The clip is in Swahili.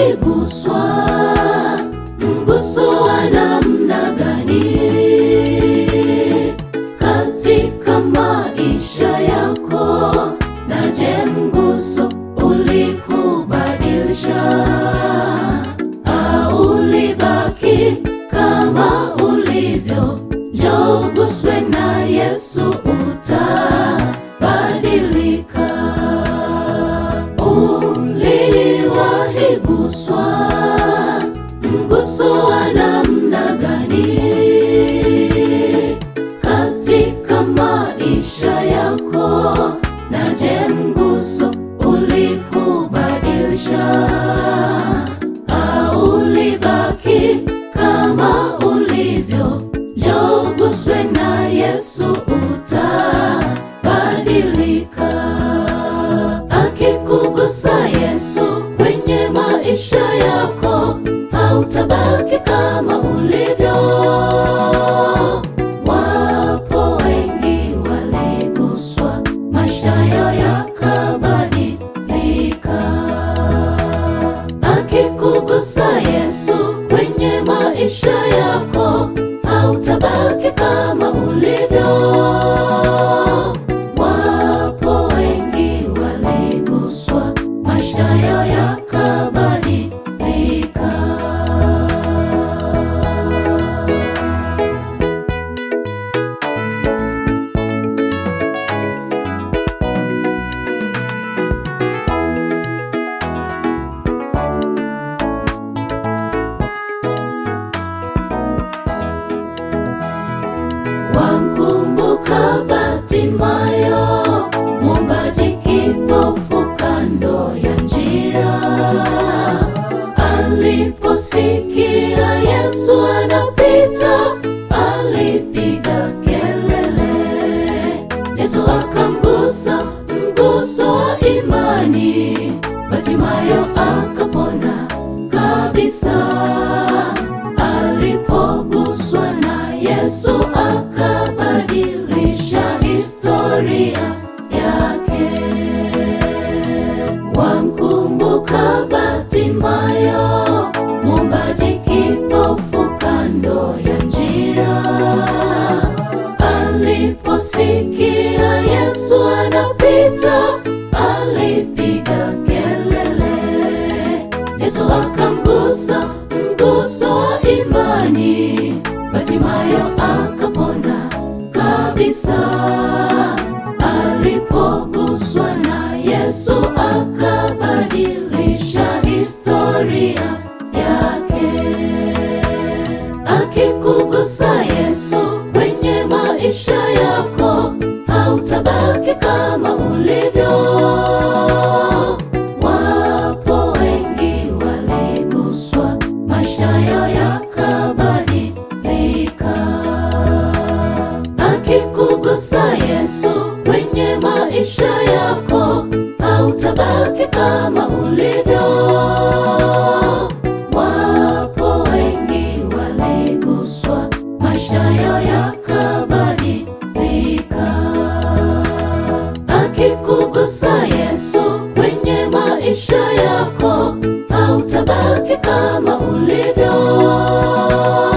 ukiguswa mguso maisha yako, na je, mguso ulikubadilisha au ulibaki kama ulivyo? Njoo uguswe na Yesu, utabadilika. Akikugusa Yesu kwenye maisha yako, hautabaki kama ulivyo. utabaki kama ulivyo. Wapo wengi waliguswa, maisha yao kaba hatimayo akapona kabisa. Alipoguswa na Yesu akabadilisha historia yake. Wamkumbuka Bartimayo, mumbaji kipofu kando ya njia aliposiki alipoguswa na Yesu akabadilisha historia yake. Akikugusa Yesu kwenye maisha yako, hautabaki kama ulivyo. Wapo wengi waliguswa, maisha yao yakabadilika. Akikugusa Yesu kama ulivyo. Wapo wengi waliguswa, maisha yao yakabadilika. Akikugusa Yesu kwenye maisha yako, hautabaki kama ulivyo.